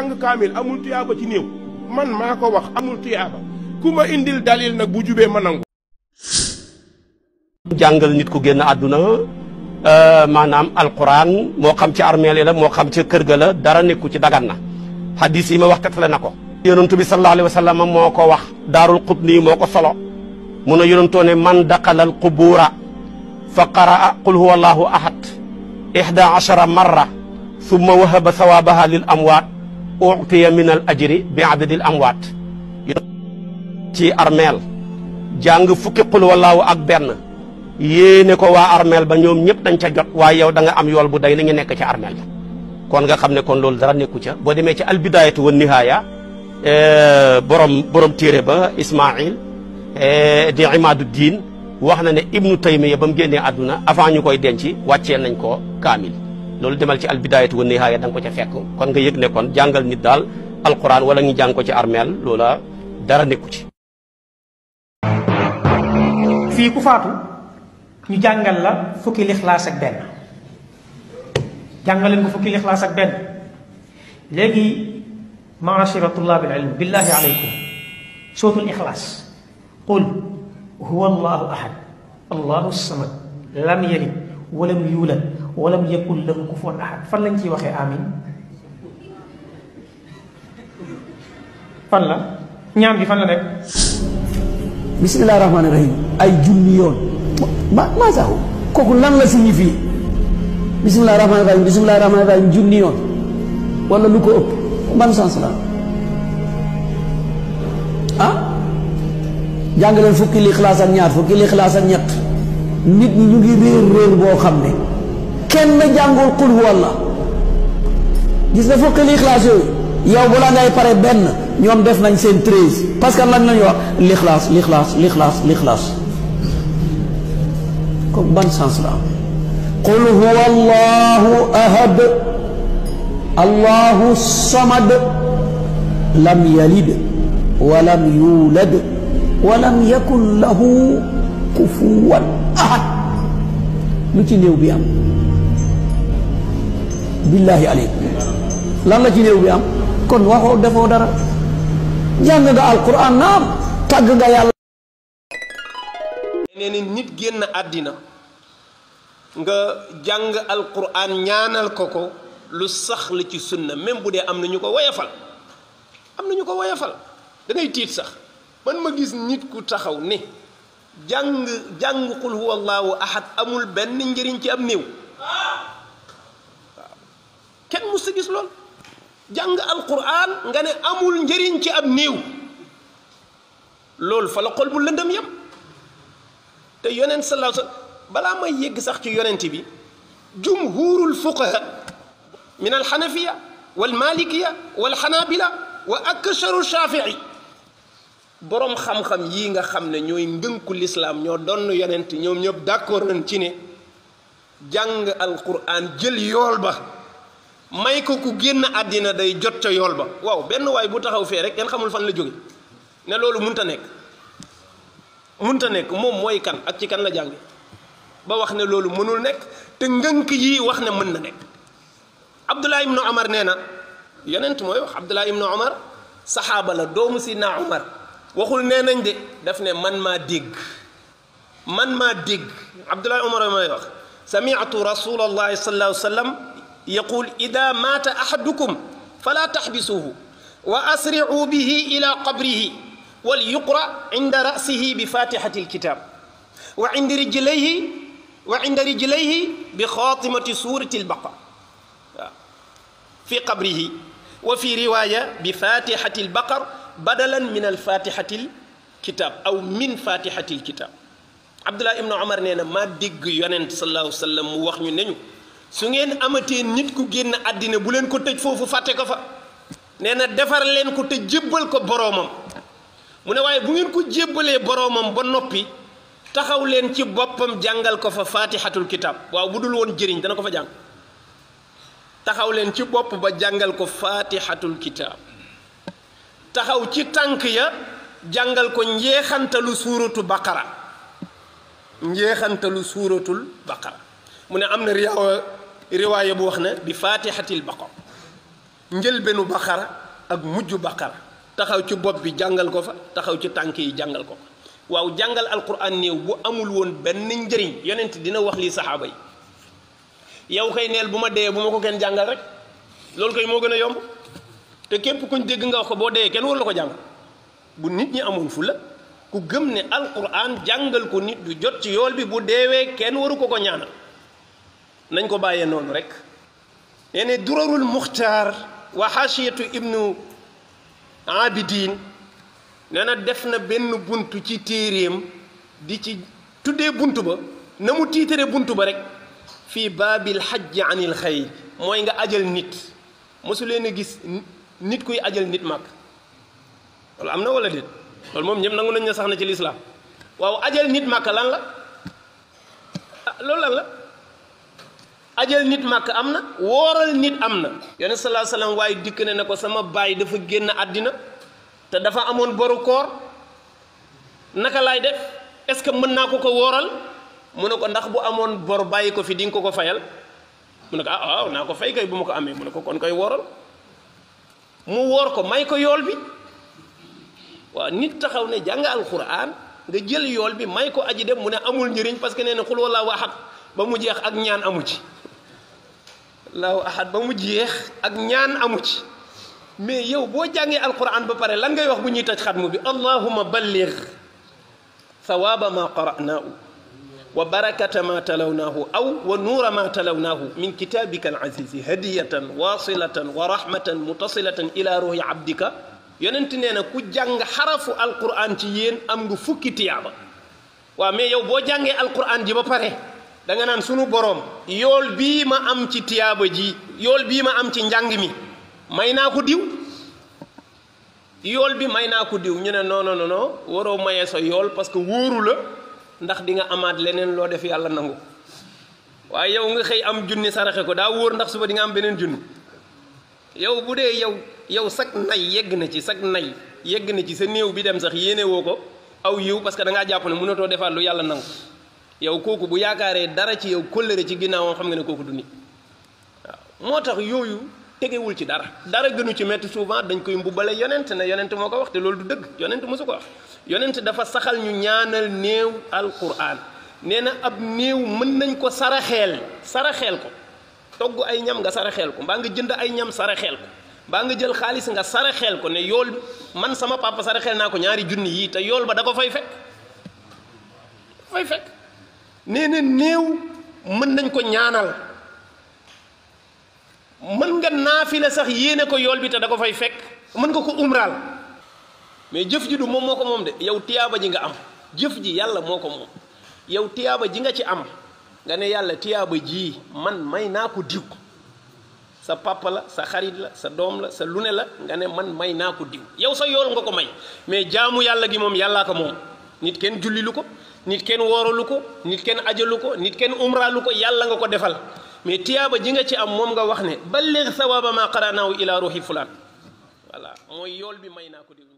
jàng kaamil amul ci néew man maa ko wax amul tuyaaba ma indil dalil nag bu jubee ma nangu jàngal nit ku génn àdduna euh, maanaam alquran moo xam ci armeel la moo xam ci kër ga la dara nekku ci dagan na hadis ma wax tettale na ko yonentu bi sallallahu alayhi moo ko wax daarul qutni moo ko solo mu ne yonentoo man daqalal qubuura fa qaraa qul huwa allahu ahad ihda achara marra summa sawabaha lil amwaat utiya min al ajri bi adadil amwaat ci armeel jàng fukki xul wallaahu ak benn yéene ko waa armeel ba ñoom ñëpp dañ ca jot waaye yow da nga am yool bu day li ñu nekk ci armeel ba kon nga xam ne kon loolu dara nekku ca boo demee ci albidaayatu wa nihaaya e, borom borom téere ba Ismail e, di imaadu diin wax na ne ibnu taymiya ba mu génnee àdduna avant ñu koy denc wàccee nañ ko kaamil loolu demal ci al bidaayatu wa nihaaya da nga ko ca fekk kon nga yëg ne kon jàngal nit daal alquran wala ñu jàng ko ci armeel loola dara nekku ci fii ku faatu ñu jàngal la fukki lixlaas ak benn jàngaleen ko fukki lixlaas ak benn léegi maashira tullaabil ilm billaahi aleykum sootul ixlaas qul huwa allahu ahad allahu samad lam yalid walam yuulad walam yakul lahu kufuwan ahad fan lañ ciy waxee amin fan la ñaan bi fan la nekk bismillahi rahmaani rahim ay junni yoon ma maa sax kooku lan la signifie bismillahi rahmaani rahim rahmaani rahim junni yoon wala lu ko ëpp ban sens la ah jàngaleen fukki li xalaas ak ñaar fukki li ñett nit ñi ñu ngi réer réer boo xam ne kenn jàngul qul huwallah gis na fukki lixlaas yooyu yow balaa ngay pare benn ñoom def nañ seen treize parce que lan lañuy wax lixlaas lixlaas lixlaas lixlaas kooku ban sens la am qul huwa allahu ahad allahu samad lam yalid wa lam yulad wa lam yakun ahad lu ci néew bi am billaahi aleyk la ci réew bi am kon waxoo defoo dara jàng nga nit génn àddina nga jàng alquran ñaanal ko ko lu sax la ci sunna même bu dee am na ñu ko woyafal am na ñu ko woyafal da ngay tiit sax man ma gis nit ku taxaw ne jàng jàng qul huwallahu ahad amul benn njëriñ ci am néew kenn mus sa gis lool jàng alquran nga ne amul njëriñ ci ab néew loolu fa la bu lëndëm yem te yonent sallallahu alayhi wasallam balaa may yegg sax ci yonent bi jumhurul fuqaha min alxanafiya wal malikiya wal xanaabila wa aksaru shafii boroom xam-xam yii nga xam ne ñooy ngënku lislaam ñoo donn yonent ñoom ñëpp d'accord nañ ci ne jàng alquran jël yool ba may ko ku génn àddina day jot ca yool ba waaw benn waay bu taxaw fii rek kenn xamul fan la jóge ne loolu munta nekk munta nekk moom mooy kan ak ci kan la jàng ba wax ne loolu mënul nekk te ngënk yi wax ne mën na nekk Abdullah ibnu Omar nee na yonent mooy wax Abdullah ibnu Omar saxaaba la doomu si naa Omar waxul nee nañ de def ne man maa dégg man maa dégg Abdullah Omar may wax sami'tu rasulallahi sallallahu sallam يقول إذا مات أحدكم فلا تحبسوه وأسرعوا به إلى قبره وليقرأ عند رأسه بفاتحة الكتاب وعند رجليه وعند رجليه بخاتمة سورة البقرة في قبره وفي رواية بفاتحة البقر بدلا من الفاتحة الكتاب أو من فاتحة الكتاب عبد الله ibn Omar nee na maa dégg yonent sallallahu alayhi wa sallam mu wax ñu ne ñu su ngeen amatee nit ku génn àddina bu leen ko tëj foofu fàtte ko fa nee na defar leen ko te jébbal ko boroomam mu ne waaye bu ngeen ko jébbalee boroomam ba noppi taxaw leen ci boppam jàngal ko fa faatixatul kitaab waaw bu dul woon jëriñ dana ko fa jàng taxaw leen ci bopp ba jàngal ko faatixatul kitaab taxaw ci tànk ya jàngal ko njeexantalu suuratu baqara njeexantalu suuratul baqara mu ne am na riyaa riwaaya bu wax na ne di faatihatil baqara njëlbéenu baqara ak mujj baqara taxaw ci bopp bi jàngal ko fa taxaw ci tànk yi jàngal ko fa waaw jàngal alquran néew bu amul woon benn njëriñ yonent dina wax lii saxaaba yi yow kay neel bu ma dee bu ma ko kenn jàngal rek loolu koy moo gën a yomb te képp kuñ dégg nga wax ko boo dee kenn war ko jàng bu nit ñi amoon fu ku gëm ne alquran jàngal ko nit du jot ci yool bi bu deewee kenn waru ko ko ñaanal nañ ko bàyyee noonu rek nee ne durarul muxtaar wa xaasiyatu ibnu abidin nee na def na benn bunt ci téeréem di ci tuddee bunt ba na mu tiitare bunt ba rek fii baabil xajji anil xayr mooy nga ajal nit mosu leen a gis nit kuy ajal nit màkk loolu am na wala déet loolu moom ñëpp nangu nañ na sax na ci lislaam waaw ajal nit màkk lan la ah, loolu lan la ajal nit màkk am na wooral nit am na yone salaa salaam waaye dikk ne na ko sama baay dafa génn àddina te dafa amoon boru koor naka laay def est-ce que mën naa ko ko wooral mu ne ko ndax bu amoon bor bàyyi ko fi di nga ko ko fayal mu ne ah, naa ko fay kay bu ma ko amee mu ne ko kon koy wooral mu woor ko may ko yool bi waaw nit taxaw ne jàng alxuraan nga jël yool bi may ko aji def mu ne amul njëriñ parce que nee na xul wallaahu ahad ba mu jeex ak ñaan amu ci allahu ahad ba mu jeex ak ñaan amu ci mais yow boo jàngee alquran ba pare lan ngay wax bu ñuy tëj xatmu bi allahuma balligh sawaaba ma qara'naahu wa barakata ma talawnaahu aw wa nuura ma talawnaahu min kitaabika alazizi hadiyatan waasilatan wa rahmatan mutasilatan ila ruhi abdika yonent nee ku jàng xarafu alquran am nga fukki tiyaaba waaw mais yow boo jàngee alquran ji ba pare da nga naan sunu borom yool bii ma am ci tiyaaba ji yool bii ma am ci njàng mi may naa ko diw yool bi may naa ko diw ñu ne non non non waroo mayee sa yool parce que wóoru la ndax di nga amaat leneen loo def yàlla nangu waaye yow nga xëy am junni saraxe ko daa wóor ndax suba di nga am beneen junni yow bu dee yow yow sag nay yegg na ci sag nay yegg na ci sa néew bi dem sax yéene woo ko aw yiw parce que da jàpp ne mënatoo defaat lu yàlla nangu yow kooku bu yaakaaree dara ci yow kóllëre ci ginnaawam xam nga ne kooku du nit waaw moo tax yooyu tegewul ci dara dara gënu ci metti souvent dañ koy mbubbale yonent ne yonent moo ko wax te loolu du dëgg yonent mosu ko wax yonent dafa saxal ñu ñaanal néew alquran nee na ab néew mën nañ ko saraxeel saraxeel ko togg ay ñam nga saraxeel ko mbaa nga jënd ay ñam saraxeel ko mbaa nga jël xaalis nga saraxeel ko ne yool man sama papa saraxeel naa ko ñaari junni yii te yool ba da ko fay fekk fay fekk nee na néew mën nañ ko ñaanal mën nga naafila sax yéene ko yool bi te da ko fay fekk mën nga ko umraal mais jëf ji du moom moo ko moom de yow tiyaaba ji nga am jëf ji yàlla moo ko moom yow tiyaaba ji nga ci am nga ne yàlla tiyaaba jii man may naa ko diw sa papa la sa xarit la sa doom la sa lu ne la nga ne man may naa ko diw yow sa yool nga ko may mais jaamu yàlla gi moom yàllaa ko moom nit kenn julli lu ko nit kenn wooralu ko nit kenn ajalu ko nit kenn umraalu ko yàlla nga ko defal mais tiyaaba ji nga ci am moom nga wax ne balligh sawaaba ma qaranaahu ila ruuxi fulaan voilà mooy yool bi may naa ko déglu